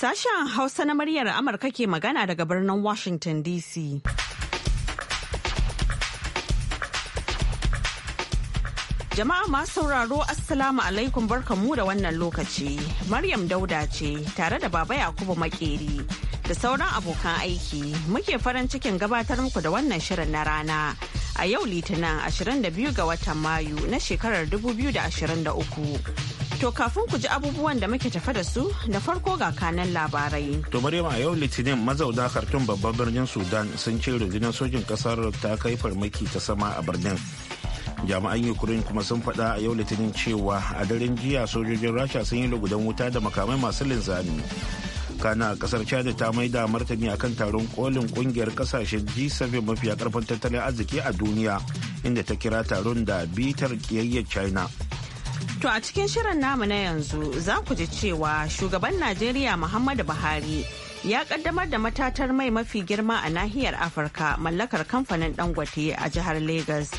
Sashen Hausa na muryar Amurka ke magana daga birnin Washington DC. Jama'a masu sauraro Assalamu alaikum mu da wannan lokaci. Maryam Dauda ce tare da Baba Yakubu Makeri da sauran abokan aiki muke farin cikin gabatar muku da wannan shirin na rana. A yau Litinin 22 ga watan Mayu na shekarar 2023. To kafin ku ji abubuwan da muke tafa da su na farko ga kanan labarai. To Maryama yau Litinin mazauna kartun babban birnin Sudan sun ce rundunar sojin kasar ta kai farmaki ta sama a birnin. Jami'an Ukraine kuma sun faɗa a yau Litinin cewa a daren jiya sojojin Rasha sun yi lugudan wuta da makamai masu linzami. Kana kasar Chad ta maida martani akan taron kolin kungiyar kasashen G7 mafiya karfin tattalin arziki a duniya inda ta kira taron da bitar kiyayyar China. To a cikin shirin namu na yanzu za ku ji cewa shugaban Najeriya Muhammadu Buhari ya kaddamar da matatar mai mafi girma a nahiyar Afirka mallakar kamfanin Dangote a jihar Legas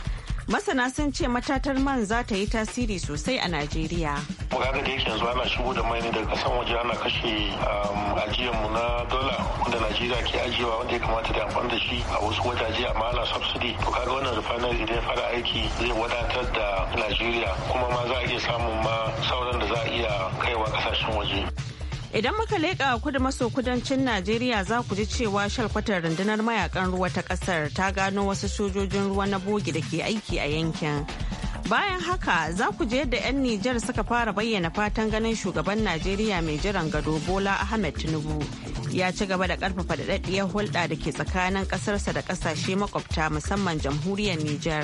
masana sun ce matatar man za ta yi tasiri sosai a najeriya kaga da yake yanzu ana shigo da mai daga kasan waje ana kashe um, ajiyar mu na dola wanda najeriya ke ajiyewa wanda ya kamata da amfani da shi a wasu wajaje amma ana subsidy to kaga wannan refinery idan ya fara aiki zai wadatar da najeriya kuma ma za a iya samun ma sauran da za a iya kaiwa kasashen waje Idan muka leƙa kudu maso kudancin Najeriya za ku ji cewa shalkwatar rundunar mayakan ruwa ta ƙasar ta gano wasu sojojin ruwa na bogi da ke aiki a yankin. Bayan haka za ku je yadda 'yan Nijar suka fara bayyana fatan ganin shugaban Najeriya mai jiran gado Bola Ahmed Tinubu ya ci gaba da karfafa daɗaɗɗiyar hulɗa da ke tsakanin ƙasarsa da ƙasashe makwabta musamman jamhuriyar Nijar.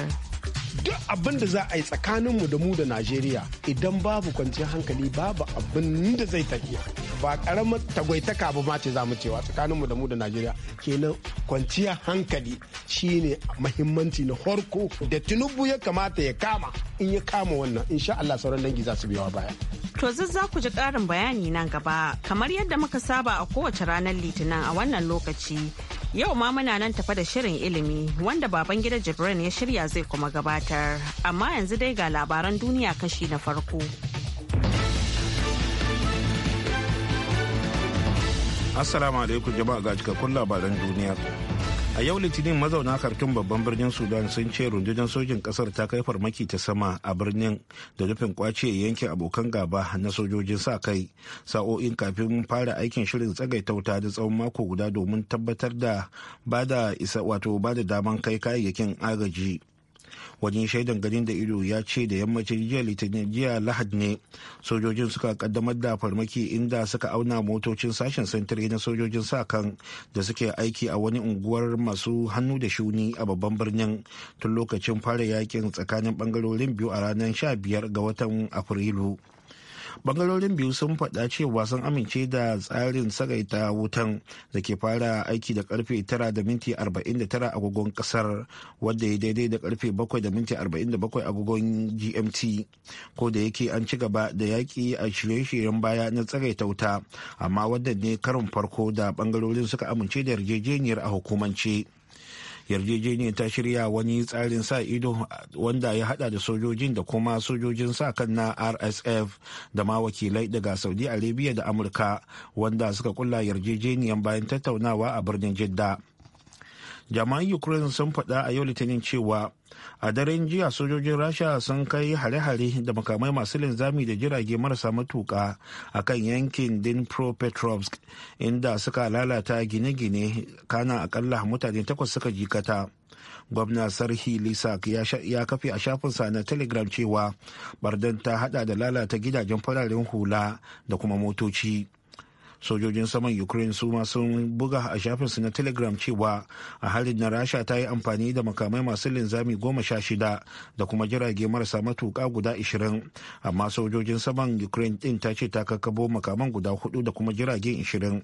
duk abin da za a yi tsakaninmu da mu da najeriya idan babu kwanciyar hankali babu abin da zai tafiya ba karamar tagwaitaka ba ma ce za mu cewa tsakaninmu da mu da najeriya kenan kwanciya hankali shine mahimmanci na horko da tinubu ya kamata ya kama in ya kama wannan insha allah sauran dangi za su biyawa baya To za ku ji karin bayani nan gaba kamar yadda muka saba a kowace ranar litinin a wannan lokaci yau ma muna nan tafa da shirin ilimi wanda baban gida Jibrin ya shirya zai kuma gabatar amma yanzu dai ga labaran duniya kashi na farko. Assalamu alaikum jama'a ga cikakkun labaran duniya. A yau Litinin mazauna karkin babban birnin Sudan sun ce rundunar sojin kasar ta kai farmaki ta sama a birnin da nufin kwace yanke abokan gaba na sojojin sa kai sa'o'in kafin fara aikin shirin tsagaitauta da tsawon mako guda domin tabbatar da bada isa wato bada daman kai kayayyakin agaji. wajen shaidan ganin da ido ya ce da yammacin jiya litinin jiya lahad ne sojojin suka kaddamar da farmaki inda suka auna motocin sashen sentiri na sojojin sa kan da suke aiki a wani unguwar masu hannu da shuni a babban birnin tun lokacin fara yakin tsakanin bangarorin biyu a ranar 15 ga watan afrilu bangarorin biyu sun faɗa cewa sun amince da tsarin tsagaita wutan da ke fara aiki da karfe 9 da minti 49 agogon kasar wadda ya daidai da karfe 7 da minti 47 agogon gmt ko da yake an ci gaba da yaƙi a shirye-shiryen baya na tsagaita wuta amma wadda ne karin farko da bangarorin suka amince da yarjejeniyar a hukumance. yarjejeniyar ta shirya wani tsarin sa ido wanda ya hada da sojojin da kuma sojojin sa kan na rsf da ma wakilai daga saudi arabia da amurka wanda suka kulla yarjejeniyar bayan tattaunawa a birnin jidda jama'an ukraine sun faɗa a yau litinin cewa a daren jiya sojojin rasha sun kai hare-hare da makamai masu linzami da jirage marasa matuka a kan yankin dnipropetrovsk inda suka lalata gine-gine kana akalla mutane takwas suka jikata gwamna sarhi lisak ya kafe a shafinsa na telegram cewa bardan ta hada da lalata gidajen fararen hula da kuma motoci sojojin saman ukraine su ma sun buga a shafinsu na telegram cewa a halin na rasha ta yi amfani da makamai masu linzami goma sha shida da kuma jirage marasa matuka guda ishirin amma sojojin saman ukraine din ta ce ta kakkabo makaman guda hudu da kuma jirage ishirin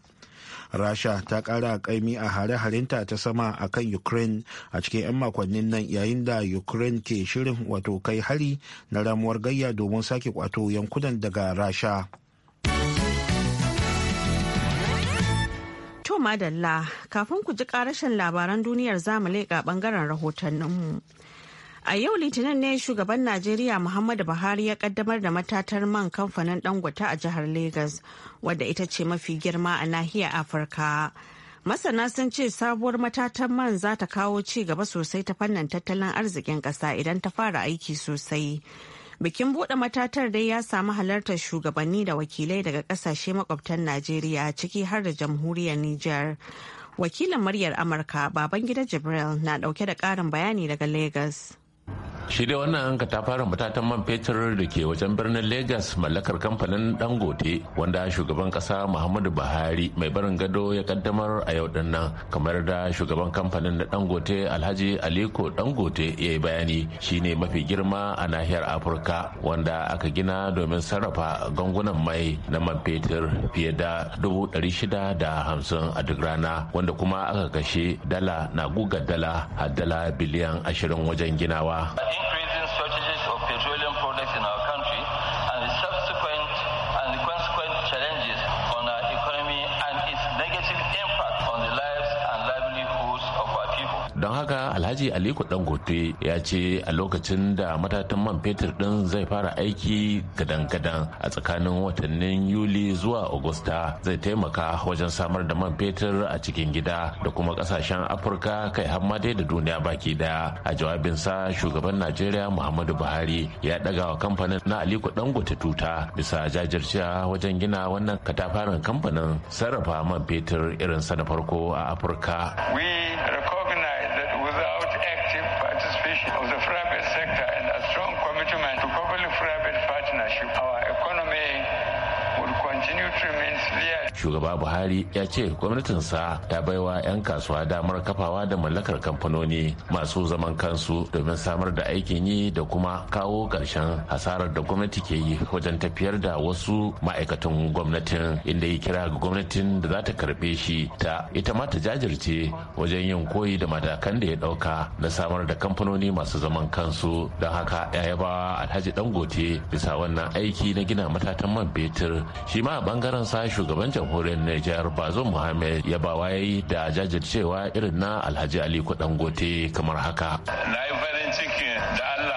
rasha ta kara kaimi a hare-harenta ta sama a kan ukraine a cikin 'yan makonnin nan yayin da ukraine ke shirin wato kai hari na ramuwar gayya domin sake kwato yankunan daga rasha To madalla kafin ku ji karashin labaran duniyar zamu leƙa bangaren rahotanninmu. A yau Litinin ne shugaban Najeriya Muhammadu Buhari ya kaddamar da matatar man kamfanin Dangote a jihar Legas, wadda ita ce mafi girma a nahiyar Afirka. Masana sun ce sabuwar matatan man za ta kawo ci gaba sosai ta fannin tattalin arzikin ƙasa idan ta fara aiki sosai. Bikin buɗe matatar dai ya samu halartar shugabanni da wakilai daga ƙasashe makwabtan Najeriya ciki har da jamhuriyar Nijar. Wakilin muryar Amurka Babangida Jibril na ɗauke da ƙarin bayani daga Legas. shi dai wannan ka ta fara matatan man fetur da ke wajen birnin Legas mallakar kamfanin dangote wanda shugaban kasa muhammadu buhari mai barin gado ya kaddamar a yau din nan kamar da shugaban kamfanin da dangote alhaji aliko dangote ya yi bayani shine mafi girma a nahiyar afirka wanda aka gina domin sarrafa gangunan mai na man fetur fiye da dubu shida hamsin a duk rana wanda kuma aka kashe dala na guga dala har dala biliyan ashirin wajen ginawa cewa alhaji aliko dangote ya ce a lokacin da matatan man fetur din zai fara aiki gadan-gadan a tsakanin watannin yuli zuwa agusta zai taimaka wajen samar da man fetur a cikin gida da kuma kasashen afirka kai har ma da duniya baki daya a jawabinsa shugaban najeriya muhammadu buhari ya daga wa kamfanin na aliko dangote tuta bisa jajircewa wajen gina wannan katafaren kamfanin sarrafa man fetur irin sa na farko a afirka shugaba buhari ya ce gwamnatinsa ta baiwa 'yan kasuwa damar kafawa da mallakar kamfanoni masu zaman kansu domin samar da aikin yi da kuma kawo ƙarshen hasarar da gwamnati ke yi wajen tafiyar da wasu ma'aikatan gwamnatin inda ya kira ga gwamnatin da za ta karɓe shi ta ita ma ta jajirce wajen yin koyi da matakan da ya ɗauka na samar da kamfanoni masu zaman kansu don haka ya yaba alhaji dangote bisa wannan aiki na gina matatan man fetur shi ma a bangaren sa shugaban jamhuriyar jamhuriyar Nijar Bazum Muhammad ya ba waye da jajircewa irin na Alhaji Ali Kudangote kamar haka. Na yi farin ciki da Allah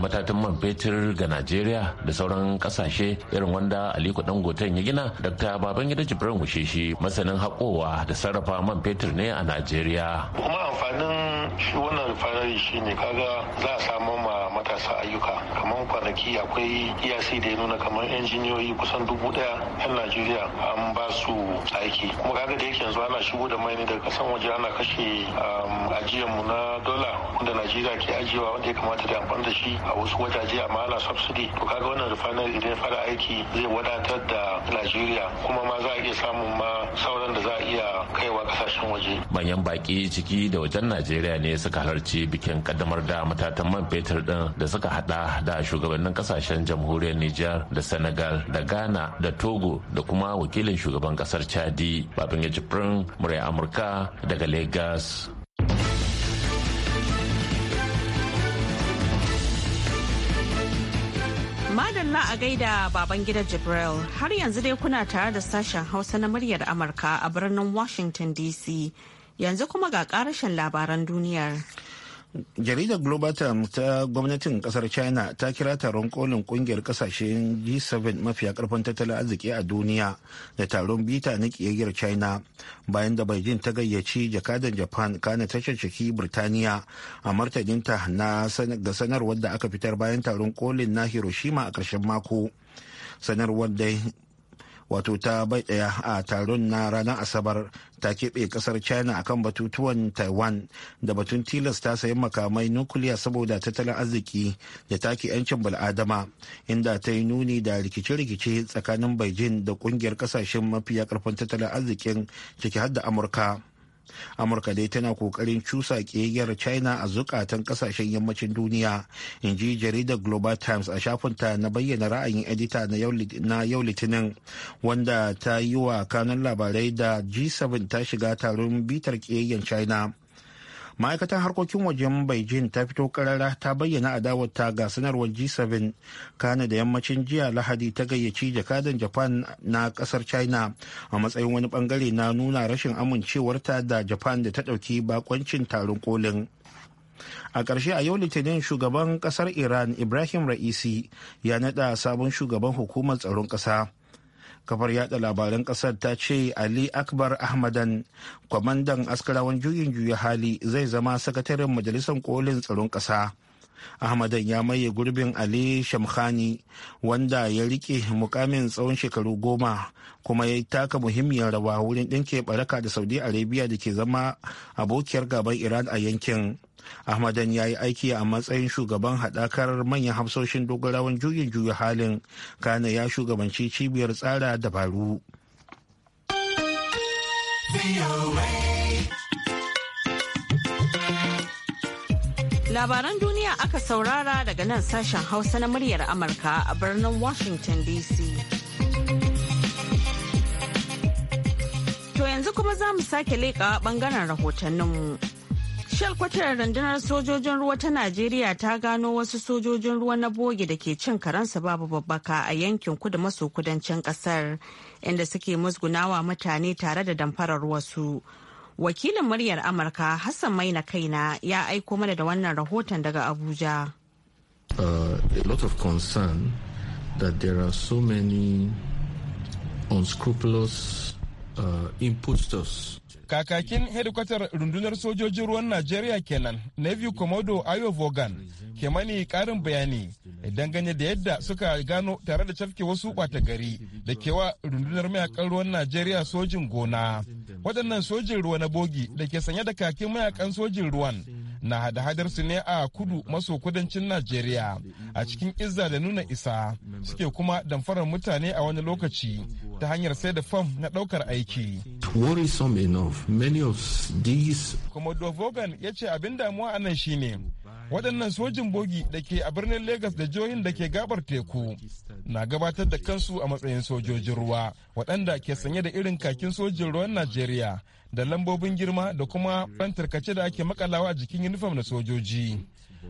matatan man fetur ga najeriya da sauran kasashe irin wanda aliko dangoten ya gina dr babangida jibrin shi masanin haƙowa da sarrafa man fetur ne a najeriya kuma amfanin shi wannan refinery shine kaga za a samu ma matasa ayyuka kamar kwanaki akwai iyasi e da ya nuna kamar injiniyoyi kusan dubu daya yan najeriya an ba su aiki kuma kaga da yake yanzu ana shigo da mai ne daga kasan waje ana kashe um, ajiyar mu na dola wanda najeriya ke ajiyewa wanda ya kamata da amfani da shi a wasu wajaje amma ana subsidy to kaga wannan refinery idan ya fara aiki zai wadatar da najeriya kuma ma za a iya samun ma sauran da za a iya kaiwa kasashen waje manyan baki ciki da wajen najeriya ne suka halarci bikin kaddamar da matatan man fetur din da suka hada da shugabannin kasashen jamhuriyar Nijar da Senegal da Ghana da Togo da kuma wakilin shugaban kasar Chadi Babin Jibrin murai Amurka daga Lagos. Madalla a gaida baban gidan Jibril har yanzu dai kuna tare da sashen Hausa na muryar Amurka a birnin Washington DC yanzu kuma ga karashin labaran duniyar. jaridar global times ta gwamnatin kasar china ta kira taron kolin kungiyar kasashen g7 mafiya karfin tattalin arziki a duniya da taron bita na kiyayyar china bayan da beijing ta gayyaci jakadan japan kana tashar ciki birtaniya a martaninta na ga sanarwar da aka fitar bayan taron kolin na hiroshima a karshen mako sanarwar da wato ta bai daya a taron na ranar asabar ta keɓe kasar china akan batutuwan taiwan da batun tilas ta sayan makamai nukiliya saboda tattalin arziki da take 'yancin bal'adama inda ta yi nuni da rikice-rikice tsakanin beijing da ƙungiyar ƙasashen mafiya karfin tattalin arzikin ciki har da amurka amurka dai tana kokarin cusa kegiyar china a zukatan kasashen yammacin duniya in ji jaridar global times a shafinta na bayyana ra'ayin edita na yau litinin wanda ta yi wa kanun labarai da g7 ta shiga taron bitar kiyayyen china ma'aikatan harkokin wajen beijing ta fito karara ta bayyana ta ga sanarwar g7 kana da yammacin jiya lahadi ta gayyaci jakadan japan na kasar china a matsayin wani bangare na nuna rashin amincewarta da japan da ta dauki bakoncin taron kolin a ƙarshe a yau litinin shugaban kasar iran ibrahim ra'isi ya nada sabon shugaban hukumar tsaron ƙasa kafar yada labaran kasar ta ce ali akbar ahmadan kwamandan askarawan juyin juya hali zai zama sakataren majalisar kolin tsaron kasa ahmadan ya maye gurbin ali shamkhani wanda ya rike mukamin tsawon shekaru goma kuma ya taka muhimmiyar rawa wurin ɗinke baraka da saudi arabia da ke zama abokiyar gaban iran a yankin ahmadan ya yi aiki a matsayin shugaban haɗakar manyan hamsoshin dogarawan juyin juya halin kana ya shugabanci cibiyar tsara dabaru labaran duniya aka saurara daga nan sashen hausa na muryar amurka a birnin washington dc to yanzu kuma za mu sake leƙa ɓangaren rahotanninmu. mu Shalkwatar rundunar sojojin ruwa ta Najeriya ta gano wasu sojojin ruwa na boge da ke cin karansa babu babbaka a yankin kudu maso kudancin kasar inda suke musgunawa mutane tare da damfarar wasu. Wakilin muryar Amurka Hassan Maina Kaina ya aiko mana da wannan rahoton daga Abuja. Uh, a lot of concern that there are so many unscrupulous uh, kakakin hedikwatar rundunar sojojin ruwan najeriya kenan navy komodo ayo vogan ke mani karin bayani idan ganye da yadda suka gano tare da cafke wasu bata gari da kewa rundunar mayakan ruwan najeriya sojin gona waɗannan sojin ruwa na bogi da ke sanye da kakin mayakan sojin ruwan na hada-hadar su ne a kudu maso kudancin najeriya a cikin izza da nuna isa suke kuma damfarar mutane a wani lokaci ta hanyar sai da fam na ɗaukar aiki worrisome enough. Many of these. Komodo Vogan ya ce abin damuwa a nan shine waɗannan sojin bogi da ke a birnin Legas da jihohin da ke gabar teku na gabatar da kansu a matsayin sojojin ruwa waɗanda ke sanye da irin kakin sojin ruwan Najeriya da lambobin girma da kuma ban tarkace da ake makalawa a jikin yunifam na sojoji.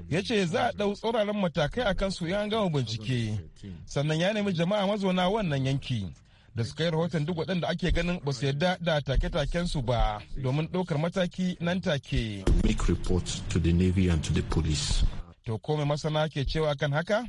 ya ce za a ɗau tsauraran matakai a kansu yan gama bincike sannan ya nemi jama'a mazauna wannan yanki da suka yi rahoton duk waɗanda ake ganin ba su yarda da take-taken su ba domin ɗaukar mataki nan take. Make report to the Navy and to the police. To kome masana ke cewa kan haka?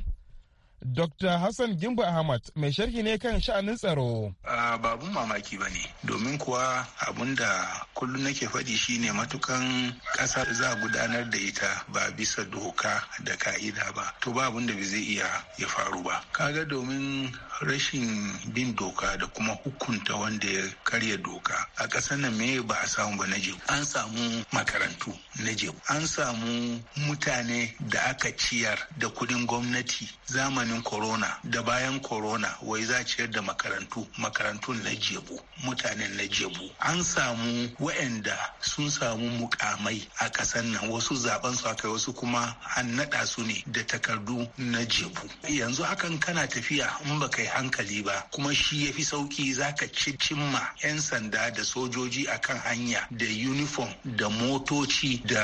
Dr. Hassan Gimba Ahmad mai sharhi ne kan sha'anin tsaro. Uh, Babun mamaki ba ne, domin kuwa abun da kullum nake faɗi shine matukan ƙasa za a gudanar da ita ba bisa doka da ka'ida ba, to ba abun da zai iya ya faru ba. Kaga domin rashin bin doka da kuma hukunta wanda ya karya doka a ƙasar nan me ba a samu ba na jebu. An samu makarantu na jebu. An samu mutane da aka ciyar da kuɗin gwamnati zamani zamanin corona da bayan corona wai za ciyar da makarantu makarantun na jebu mutanen na jebu an samu wa'anda sun samu mukamai a kasan nan wasu zaben su aka wasu kuma an naɗa su ne da takardu na jebu yanzu hakan kana tafiya in ba kai hankali ba kuma shi ya fi sauki za ka ci cimma 'yan sanda da sojoji a kan hanya da uniform da motoci da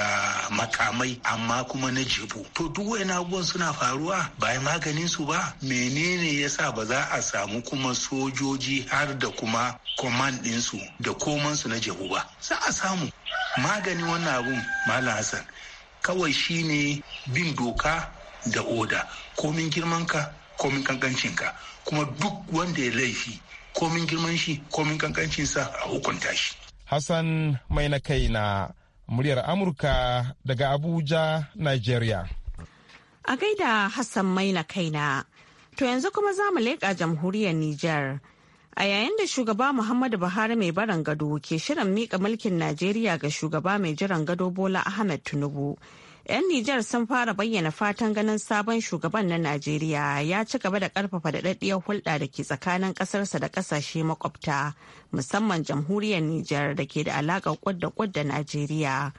makamai amma kuma na jebu to duk wayan abubuwan suna faruwa bayan maganin su su ba menene yasa ba za a samu kuma sojoji har da kuma command ɗinsu da komansu na jahu ba za a samu magani wannan abun malam hassan kawai shine bin doka da oda komin girmanka komin kankancinka kuma duk wanda ya laifi komin girman shi komin kankancinsa a hukunta shi hassan mai na kai na muryar amurka daga abuja nigeria A gaida Hassan Maina kaina. To yanzu kuma za mu leƙa jamhuriyar Nijar. A yayin da shugaba Muhammadu Buhari mai baran gado ke shirin miƙa mulkin Najeriya ga shugaba mai jiran gado Bola Ahmed Tinubu. 'Yan Nijar sun fara bayyana fatan ganin sabon shugaban na Najeriya ya ci gaba da karfafa daɗaɗɗiyar hulɗa da ke tsakanin ƙasarsa da ƙasashe makwabta musamman jamhuriyar Nijar da ke da alaƙar kwadda da Najeriya.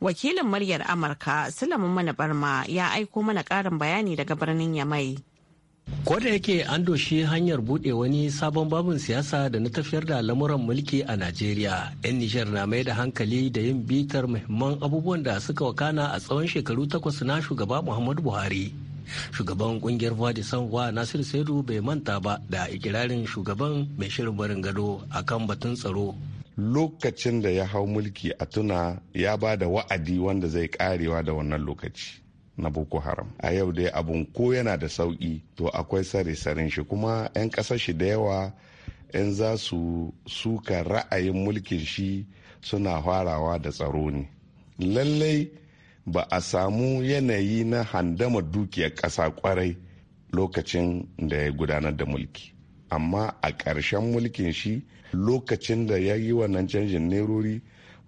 wakilin muryar amurka sulamun mana barma ya aiko mana karin bayani daga birnin yamai ko da yake an doshi hanyar buɗe wani sabon babin siyasa da na tafiyar da lamuran mulki a najeriya yan nijar na mai da hankali da yin bitar muhimman abubuwan da suka wakana a tsawon shekaru takwas na shugaba muhammadu buhari shugaban kungiyar Vadi Sanwa nasiru Saidu bai manta ba da ikirarin shugaban mai shirin barin gado akan batun tsaro lokacin da ya hau mulki a tuna ya ba da wa'adi wanda zai karewa da wannan lokaci na boko haram a yau dai abun ko yana da sauki to akwai sare-saren shi kuma 'yan ƙasar shi da yawa 'yan za su suka ra'ayin mulkin shi suna farawa da tsaro ne lallai ba a samu yanayi na handama dukiyar ƙasa kwarai lokacin da ya gudanar da mulki amma a ƙarshen mulkin shi lokacin da ya yi wannan canjin nerori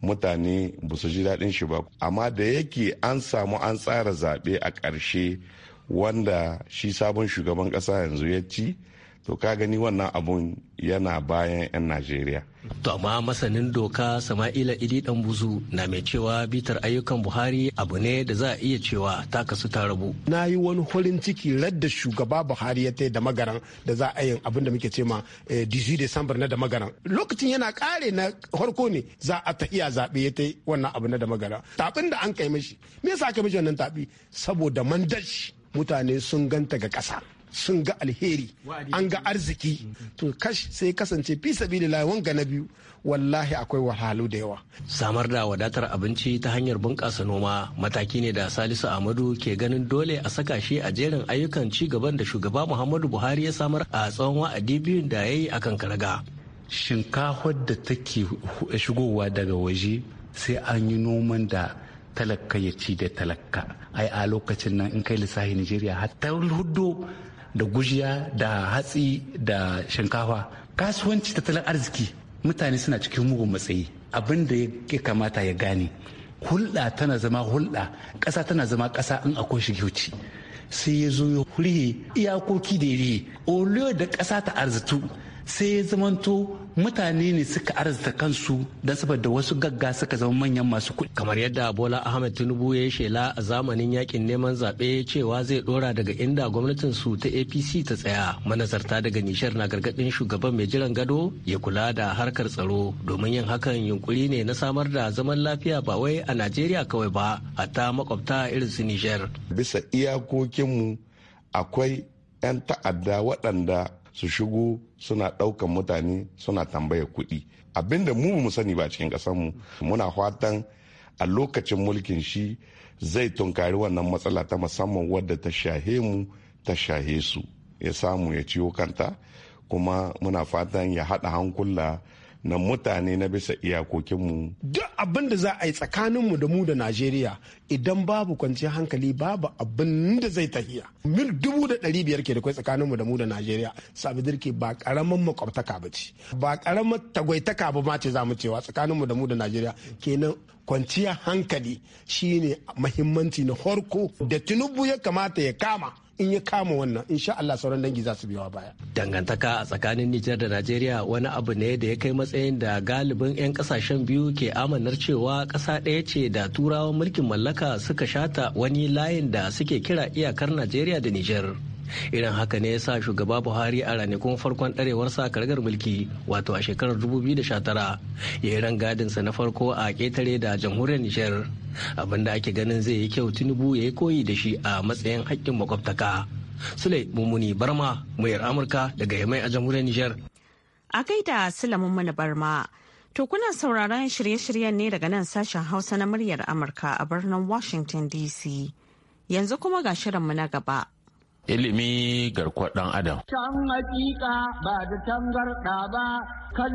mutane ba su ji daɗin shi ba amma da yake an samu an tsara zaɓe a ƙarshe wanda shi sabon shugaban ƙasa yanzu ya ci to ka gani wannan abun yana bayan 'yan najeriya to amma masanin doka sama'ila idi dan buzu na mai cewa bitar ayyukan buhari abu ne da za a iya cewa ta kasu ta rabu na yi wani holin ciki radda shugaba buhari ya da magaran da za a yi abin da muke cema 18 eh, december na da magaran lokacin yana kare na harko ne za a ta iya zaɓe ya tai wannan abu na da magaran tabin da an kai mishi me yasa aka mishi wannan tabi saboda mandashi mutane sun ganta ga ƙasa sun ga alheri an ga arziki mm. to kash sai kasance fi lawan ga na biyu wallahi akwai wahalu da yawa samar da wadatar abinci ta hanyar bunƙasa noma mataki ne da salisu amadu ke ganin dole a saka shi a jerin ayyukan ci gaban da shugaba muhammadu buhari ya samar a tsawon wa'adi biyun da ya yi a kan karaga shinkafar da take shigowa daga waje sai an yi noman da talaka ya ci da talaka ai a lokacin nan in kai lissafi nigeria har ta hudu da gujiya da hatsi da shinkafa kasuwanci tattalin arziki mutane suna cikin mugun matsayi abin da ya kamata ya gane hulɗa tana zama hulɗa ƙasa tana zama ƙasa in akwai shigiyoci sai ya zo ya rihe iyakoki da ya rihe da ƙasa ta arzitu sai ya zamanto mutane ne suka arzita kansu don saboda wasu gagga suka zama manyan masu kuɗi. Kamar yadda Bola Ahmed Tinubu ya yi shela a zamanin yakin neman zaɓe cewa zai ɗora daga inda gwamnatin su ta APC ta tsaya. Manazarta daga Nishar na gargaɗin shugaban mai jiran gado ya kula da harkar tsaro domin yin hakan yunkuri ne na samar da zaman lafiya ba wai a Najeriya kawai ba hatta makwabta irin su Nijar. Bisa iyakokinmu akwai 'yan ta'adda waɗanda su shigo suna ɗaukan mutane suna tambaya kuɗi abinda mu mu sani ba cikin mu muna fatan a lokacin mulkin shi zai tunkari wannan matsala ta musamman wadda ta shahe mu ta shahe su ya samu ya ciwo kanta kuma muna fatan ya haɗa hankula na mutane na bisa iyakokinmu. Duk abin da za a yi tsakaninmu da mu da Najeriya idan babu kwanciyar hankali babu abin da zai tahiya. Mil dubu da ɗari biyar ke da kwai tsakaninmu da mu da Najeriya. Sabidir ke ba ƙaramin makwabtaka ba ce. Ba ƙaramin tagwaitaka ba ma ce za mu cewa tsakaninmu da mu da Najeriya. Kenan kwanciyar hankali shine mahimmanci na farko da Tinubu ya kamata ya kama. in ya kama wannan insha Allah sauran dangi za su biyawa baya dangantaka a tsakanin Nijar da Najeriya wani abu ne da ya kai matsayin da galibin 'yan kasashen biyu ke amanar cewa ƙasa ɗaya ce da turawan mulkin mallaka suka shata wani layin da suke kira iyakar Najeriya da Nijar irin haka ne ya sa shugaba buhari a ranakun farkon sa karagar mulki wato a shekarar 2019 ya yi rangadinsa na farko a ketare da jamhuriyar nijar abinda ake ganin zai yi kyau tinubu ya yi koyi da shi a matsayin haƙƙin makwabtaka sule mummuni barma muyar amurka daga yamai a jamhuriyar nijar a gaida sule mummuni barma To kuna sauraron shirye-shiryen ne daga nan sashen Hausa na muryar Amurka a birnin Washington DC. Yanzu kuma ga shirinmu na gaba. ilimi garkuwar dan adam. Can hakika ba da tangarɗa ba kan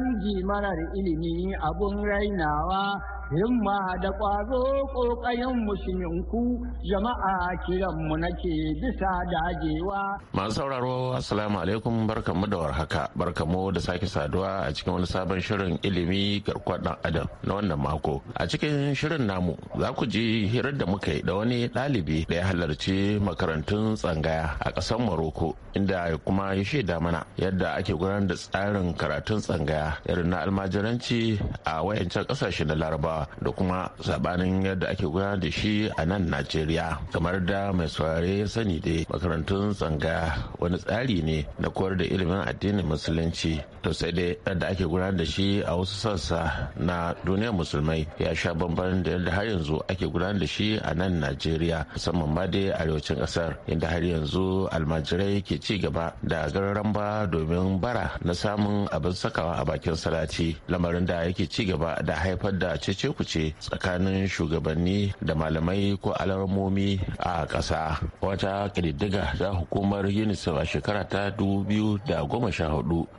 marar ilimi abun rainawa himma da ƙwazo ƙoƙayen musulunku jama'a kiranmu nake bisa dajewa. Masu sauraro Assalamu alaikum barkamu da warhaka barkamu da sake saduwa a cikin wani sabon shirin ilimi garkuwar dan adam na wannan mako. A cikin shirin namu za ku ji hirar da muka yi da wani ɗalibi da ya halarci makarantun tsangaya a ƙasar Morocco inda kuma ya shaida mana yadda ake gudanar da tsarin karatun tsangaya irin na almajiranci a wayancan ƙasashe na larabawa da kuma sabanin yadda ake gudanar da shi a nan Najeriya kamar da mai saurare ya sani dai makarantun tsangaya wani tsari ne na koyar da ilimin addinin musulunci to sai dai yadda ake gudanar da shi a wasu sassa na duniyar musulmai ya sha bambam da yadda har yanzu ake gudanar da shi a nan Najeriya musamman ma dai arewacin ƙasar inda har yanzu almajirai ke ci gaba da gararan ba domin bara na samun abin sakawa a bakin salati lamarin da yake ci gaba da haifar da cece kuce tsakanin shugabanni da malamai ko al'amomi a ƙasa wata ƙididdiga ta hukumar unicef a shekara ta 2014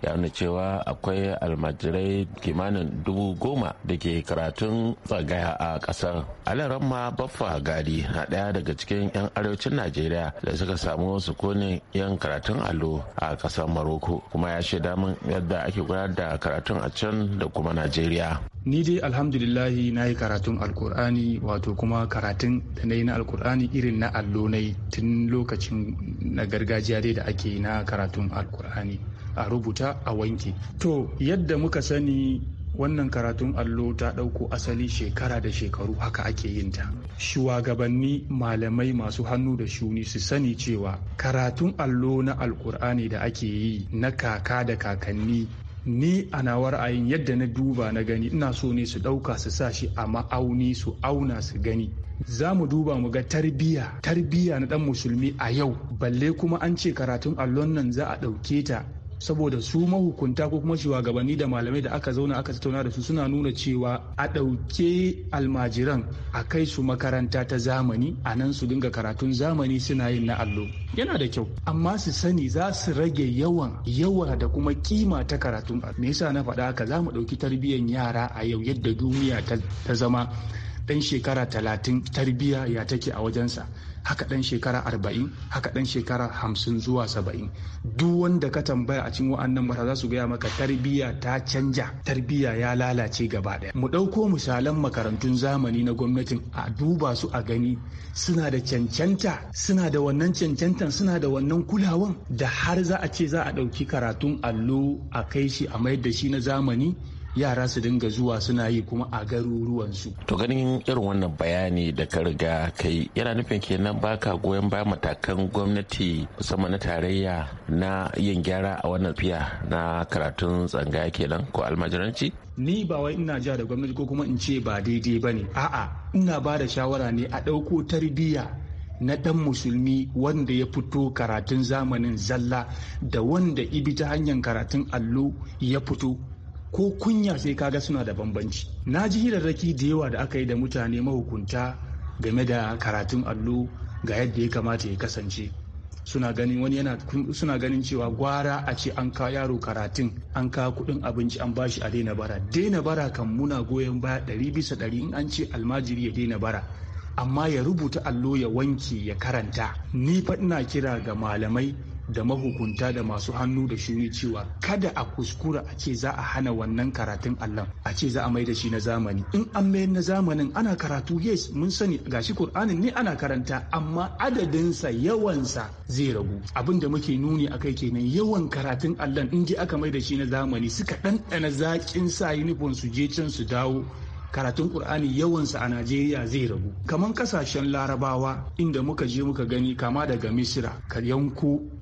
ya nuna cewa akwai almajirai kimanin dubu goma da ke karatun tsagaya a ƙasar alaramma baffa gadi na ɗaya daga cikin 'yan arewacin najeriya da suka samu sukunin yan karatun allo a kasar maroko kuma ya shaida min yadda ake gudanar da karatun a can da kuma najeriya ni dai alhamdulillahi na yi karatun alkur'ani wato kuma karatun da na yi na alkur'ani irin na allo na tun lokacin na gargajiya dai da ake na karatun alkur'ani a rubuta a wanke to yadda muka sani wannan karatun allo ta ɗauko asali shekara da shekaru haka ake yin ta shugabanni malamai masu hannu da shuni su sani cewa karatun allo na alkur'ani da ake yi na kaka da kakanni ni a nawa ra'ayin yadda na duba na gani ina so ne su ɗauka su sa shi a ma'auni su auna su gani za mu duba mu ga tarbiyya. tarbiya na ɗan musulmi a yau balle kuma an ce karatun allon nan za a ɗauke ta saboda su mahukunta ko kuma shugabanni da malamai da aka zauna aka tattauna da su suna nuna cewa a ɗauke almajiran a kai su makaranta ta zamani a nan su dinga karatun zamani suna yin na allo yana da kyau amma su sani za su rage yawan yawa da kuma kima ta karatun me yasa na faɗa haka za mu ɗauki tarbiyyar yara a yau yadda duniya ta zama ɗan shekara talatin tarbiyya ya take a wajensa haka dan shekara arba'in haka dan shekara hamsin zuwa saba'in duk wanda ka tambaya a cikin wa'annan mata za su gaya maka tarbiyya ta canja tarbiyya ya lalace gaba ɗaya mu ɗauko misalan makarantun zamani na gwamnatin a duba su a gani suna da cancanta suna da wannan cancantan suna da wannan kulawan da har za a ce za a ɗauki karatun allo a kai shi a mayar da shi na zamani yara su dinga zuwa suna yi kuma a garuruwansu. To ganin irin wannan bayani da ka riga kai yana nufin kenan baka goyon bayan matakan gwamnati musamman na tarayya na yin gyara a wannan fiya na karatun tsangaya kenan ko almajiranci? Ni ba wai ina ja da gwamnati ko kuma in ce ba daidai ba ne. A'a ina ba da shawara ne a ɗauko tarbiyya na ɗan musulmi wanda ya fito karatun zamanin zalla da wanda ibi ta hanyar karatun allo ya fito ko kunya sai kaga suna da bambanci na ji hirarraki da yawa da aka yi da mutane mahukunta game da karatun allo ga yadda ya kamata ya kasance suna ganin wani yana suna ganin cewa gwara a ce an ka yaro karatun an ka kudin abinci an bashi a daina bara daina bara kan muna goyon baya ɗari bisa ɗari in an ce almajiri ya daina bara amma ya rubuta allo ya wanke ya karanta ni fa ina kira ga malamai da mahukunta da masu hannu da shuni cewa kada a kuskura a ce za a hana wannan karatun Allah a ce za a mai da shi na zamani in an mayar na zamanin ana karatu yes mun sani Ga shi Kur'anin ne ana karanta amma adadinsa yawansa zai ragu abin da muke nuni akai kenan yawan karatun Allah in je aka mai da shi na zamani suka ɗanɗana zaƙin sa yunifon su je can su dawo karatun Kur'ani yawansa a Najeriya zai ragu. Kamar kasashen larabawa inda muka je muka gani kama daga Misira, Karyanku,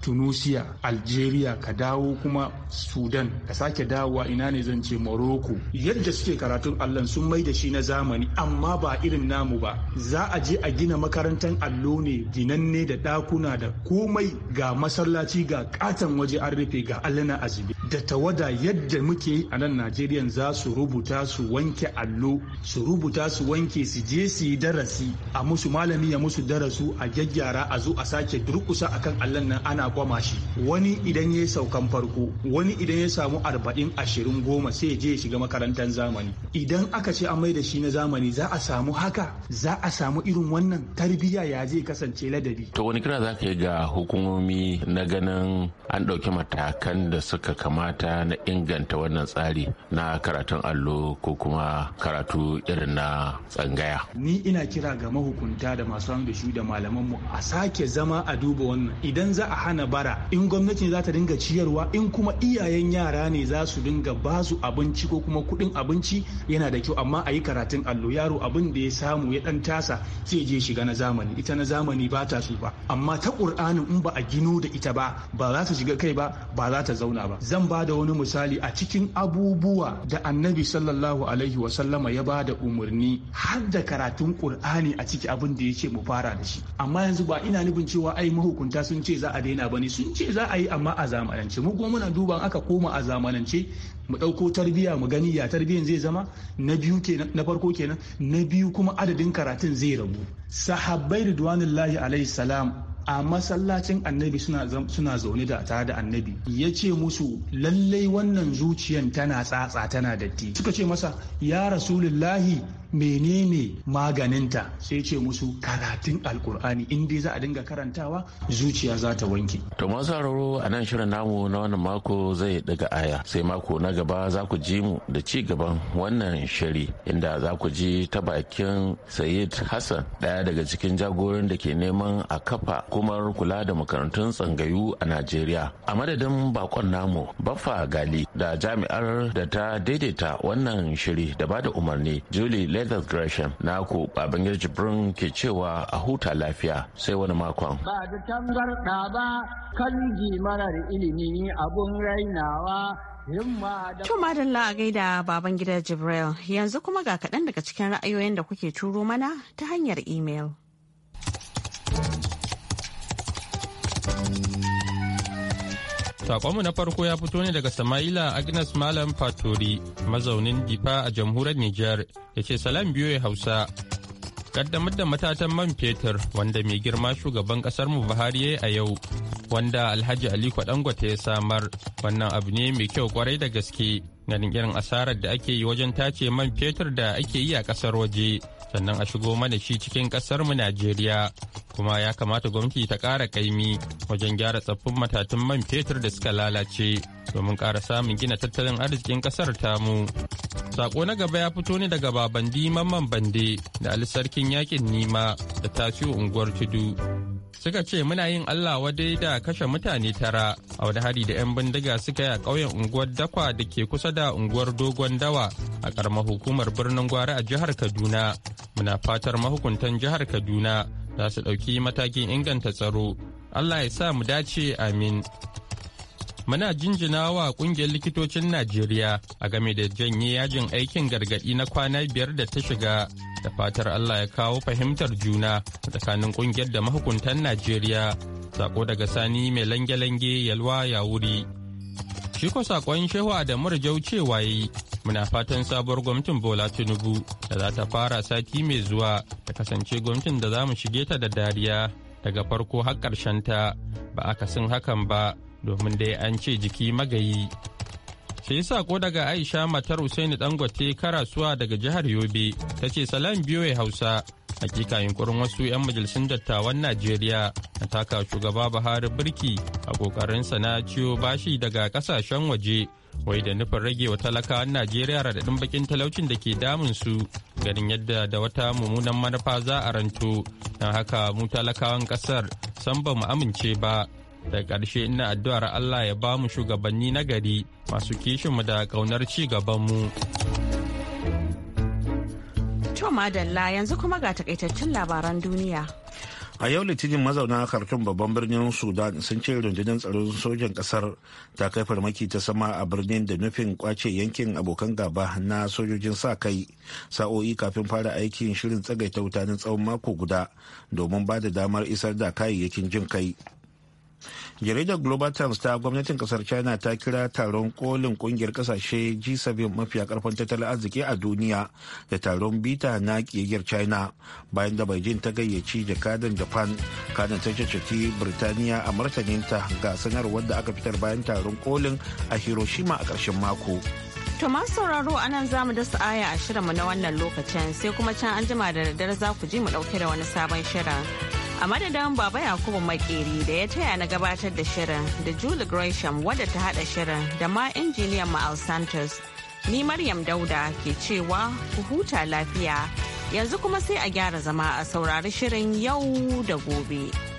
tunisia algeria ka dawo kuma sudan ka sake dawowa ina ne zan ce morocco yadda suke karatun allon sun mai da shi na zamani amma ba irin namu ba za a je a gina makarantar allo ne ginanne da dakuna da komai ga masallaci ga katon waje an rufe ga allana azumi da tawada yadda muke yi a nan najeriya za su rubuta su wanke allo su rubuta su wanke su je su yi darasi a musu malami ya musu darasu a gyaggyara a zo a sake durkusa akan allo tallan nan ana gwama shi wani idan ya saukan farko wani idan ya samu arba'in ashirin goma sai ya je ya shiga makarantar zamani idan aka ce an da shi na zamani za a samu haka za a samu irin wannan tarbiyya ya zai kasance ladabi to wani kira za ka yi ga hukumomi na ganin an ɗauki matakan da suka kamata na inganta wannan tsari na karatun allo ko kuma karatu irin na tsangaya ni ina kira ga mahukunta da masu hannu da da malaman a sake zama a duba wannan idan idan za a hana bara in gwamnati ne za ta dinga ciyarwa in kuma iyayen yara ne za su dinga ba su abinci ko kuma kuɗin abinci yana da kyau amma a yi karatun allo yaro abin da ya samu ya ɗan tasa sai je shiga na zamani ita na zamani ba ta su ba amma ta ƙur'anin in ba a gino da ita ba ba za ta shiga kai ba ba za ta zauna ba zan ba da wani misali a cikin abubuwa da annabi sallallahu alaihi wa sallama ya ba da umarni har da karatun ƙur'ani a ciki abin da ya ce mu fara da shi amma yanzu ba ina nufin cewa ai mahukunta sun ce ce za a daina ba ne sun ce za a yi amma a zamanance mu kuma muna duban aka koma a zamanance mu ɗauko tarbiyya mu gani ya tarbiyyan zai zama na biyu kenan na farko kenan na biyu kuma adadin karatun zai rabu sahabbai ridwanullahi alaihi salam a masallacin annabi suna zaune da tare da annabi ya ce musu lallai wannan zuciyan tana tsatsa tana datti suka ce masa ya rasulullahi menene maganinta sai ce musu karatun alkur'ani in dai za a dinga karantawa zuciya za ta wanke to masu sauraro a nan shirin namu na wannan mako zai daga aya sai mako na gaba za ku ji mu da ci gaban wannan shiri inda za ku ji ta bakin sayid hassan daya daga cikin jagoran da ke neman a kafa kuma kula da makarantun tsangayu a najeriya a madadin bakon namu baffa gali da jami'ar da ta daidaita wannan shiri da ba da umarni julie Legas Gresham naku Babangir Jibrin ke cewa a huta lafiya sai wani makon. Ba da tangarɗa ba kan marar ilimi abun rainawa To madalla a gaida baban Jibril yanzu kuma ga kaɗan daga cikin ra'ayoyin da kuke turo mana ta hanyar imel. Sakonmu na farko ya fito ne daga Sama'ila Agnes Malam Fatori, mazaunin Difa a jamhuriyar Nijar, ya ce salam biyo Hausa. Kaddamar da matatan man fetur wanda mai girma shugaban mu Buhari ya yi a yau, wanda Alhaji Aliko Dangote ya samar, wannan abu ne mai kyau kwarai da gaske. ganin irin asarar da ake yi wajen tace man fetur da ake yi a kasar waje sannan a shigo mana shi cikin kasar mu Najeriya kuma ya kamata gwamnati ta ƙara kaimi wajen gyara tsaffin matatun man fetur da suka lalace domin ƙara samun gina tattalin arzikin kasar tamu. Sako na gaba ya fito ne daga Babandi Mamman Bande da Ali Sarkin Yakin Nima da Tasiu Unguwar Tudu suka ce muna yin Allah wadai da kashe mutane tara a wani hari da 'yan bindiga suka yi a ƙauyen unguwar dakwa da ke kusa da unguwar dogon dawa a ƙaramar hukumar birnin gwari a jihar Kaduna. Muna fatar mahukuntan jihar Kaduna za su ɗauki matakin inganta tsaro. Allah ya sa mu dace amin. muna jinjina wa kungiyar likitocin Najeriya a game da janye yajin aikin gargaɗi na kwana biyar da ta shiga da fatar Allah ya kawo fahimtar juna tsakanin kungiyar da mahukuntan Najeriya sako daga sani mai lange-lange yalwa ya wuri. Shi ko sakon Shehu Adamu Rajau cewa yi muna fatan sabuwar gwamnatin Bola Tinubu da za ta fara sati mai zuwa ta kasance gwamnatin da za mu shige ta da dariya daga farko har ƙarshen ta ba akasin hakan ba domin dai an ce jiki magayi. Sai sako daga Aisha matar husaini Dangote karasuwa daga jihar Yobe ta ce salam biyoye Hausa hakika yunkurin wasu 'yan majalisun dattawan Najeriya na taka shugaba Buhari birki a kokarinsa na ciyo bashi daga kasashen waje wai da nufin rage wa talakawan Najeriya raɗaɗin bakin talaucin da ke damun su ganin yadda da wata mummunan manufa za a ranto don haka mu talakawan ƙasar san ba mu amince ba da ƙarshe ina addu'ar Allah ya ba mu shugabanni na gari masu kishinmu da ƙaunar ci gabanmu. To madalla yanzu kuma ga takaitaccen labaran duniya. A yau litinin mazauna kartun babban birnin Sudan sun ce rundunar tsaron sojan kasar ta kai farmaki ta sama a birnin da nufin kwace yankin abokan gaba na sojojin sa kai sa'o'i kafin fara aikin shirin tsagaita wuta na tsawon mako guda domin ba da damar isar da kayayyakin jin kai. jaridar global times ta gwamnatin kasar china ta kira taron kolin kungiyar kasashe g7 mafiya karfin tattalin arziki a duniya da taron bita na kiyayyar china bayan da beijing ta gayyaci jakadan japan kadin ta cacati birtaniya a martaninta ga sanarwar da aka fitar bayan taron kolin a hiroshima a karshen mako To sauraro a nan za mu dasa aya a shirinmu na wannan lokacin sai kuma can an jima da daddare za ku ji mu ɗauke da wani sabon shirin. a madadin baba yakubu makeri da ya taya na gabatar da shirin da julie gresham wadda ta hada shirin da ma injiniyan ma'al santos ni maryam dauda ke cewa ku huta lafiya yanzu kuma sai a gyara zama a saurari shirin yau da gobe.